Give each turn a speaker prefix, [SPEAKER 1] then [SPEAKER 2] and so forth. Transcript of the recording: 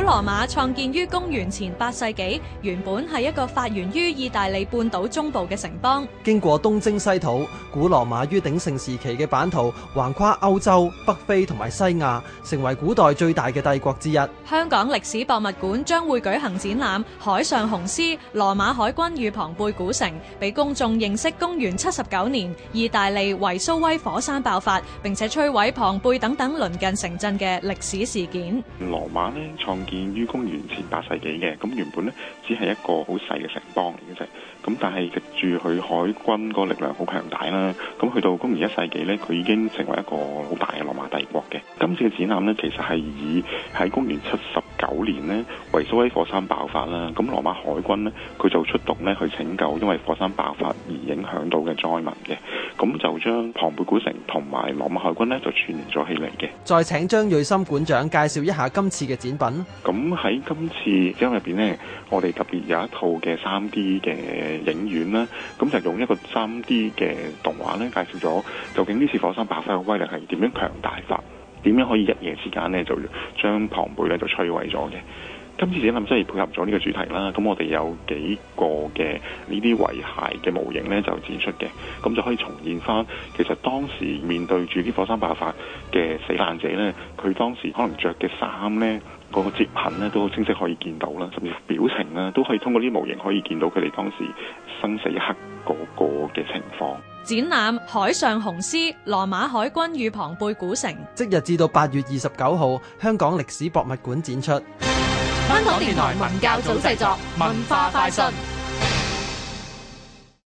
[SPEAKER 1] 古羅馬創建於公元前八世紀，原本係一個發源於意大利半島中部嘅城邦。
[SPEAKER 2] 經過東征西討，古羅馬於鼎盛時期嘅版圖橫跨歐洲、北非同埋西亞，成為古代最大嘅帝國之一。
[SPEAKER 1] 香港歷史博物館將會舉行展覽《海上雄獅：羅馬海軍與龐貝古城》，俾公眾認識公元七十九年意大利維蘇威火山爆發，並且摧毀龐貝等等鄰近城鎮嘅歷史事件。
[SPEAKER 3] 羅馬咧創建於公元前八世紀嘅，咁原本呢只係一個好細嘅城邦嚟嘅啫，咁但係藉住佢海軍嗰個力量好強大啦，咁去到公元一世紀呢，佢已經成為一個好大嘅羅馬帝國嘅。今次嘅展覽呢，其實係以喺公元七十九年呢，維蘇威火山爆發啦，咁羅馬海軍呢，佢就出動呢，去拯救因為火山爆發而影響到嘅災民嘅，咁就將龐貝古城同埋羅馬海軍呢，就串聯咗起嚟嘅。
[SPEAKER 2] 再請張瑞森館長介紹一下今次嘅展品。
[SPEAKER 3] 咁喺今次展覽入邊呢，我哋特別有一套嘅三 D 嘅影院啦，咁就用一個三 D 嘅動畫呢，介紹咗究竟呢次火山爆發嘅威力係點樣強大法。點樣可以一夜之間呢就將龐貝呢就摧毀咗嘅？今次展覽真係配合咗呢個主題啦，咁我哋有幾個嘅呢啲遺骸嘅模型呢，就展出嘅，咁就可以重現翻。其實當時面對住啲火山爆發嘅死難者呢，佢當時可能着嘅衫呢、嗰個接痕呢，都好清晰可以見到啦，甚至表情呢都可以通過呢啲模型可以見到佢哋當時生死一刻嗰個嘅情況。
[SPEAKER 1] 展覽《海上雄獅：羅馬海軍與龐貝
[SPEAKER 2] 古城》，即日至到八月二十九號，香港歷史博物館展出。
[SPEAKER 1] 香港電台文教組製作，文化快訊。